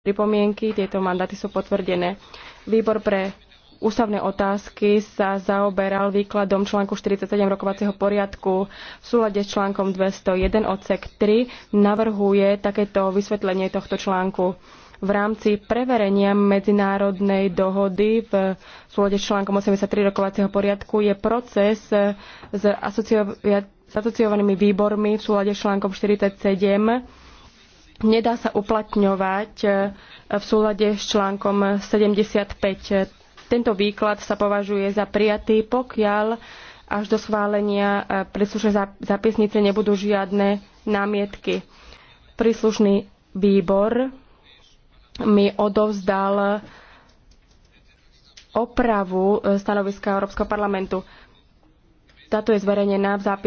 pripomienky, tieto mandáty sú potvrdené. Výbor pre ústavné otázky sa zaoberal výkladom článku 47 rokovacieho poriadku. V súlade s článkom 201 odsek 3 navrhuje takéto vysvetlenie tohto článku. V rámci preverenia medzinárodnej dohody v súlade s článkom 83 rokovacieho poriadku je proces s asociovanými výbormi v súlade s článkom 47 nedá sa uplatňovať e, v súlade s článkom 75. Tento výklad sa považuje za prijatý, pokiaľ až do schválenia e, príslušnej zapisnice nebudú žiadne námietky. Príslušný výbor mi odovzdal opravu e, stanoviska Európskeho parlamentu. Táto je zverejnená v zápise.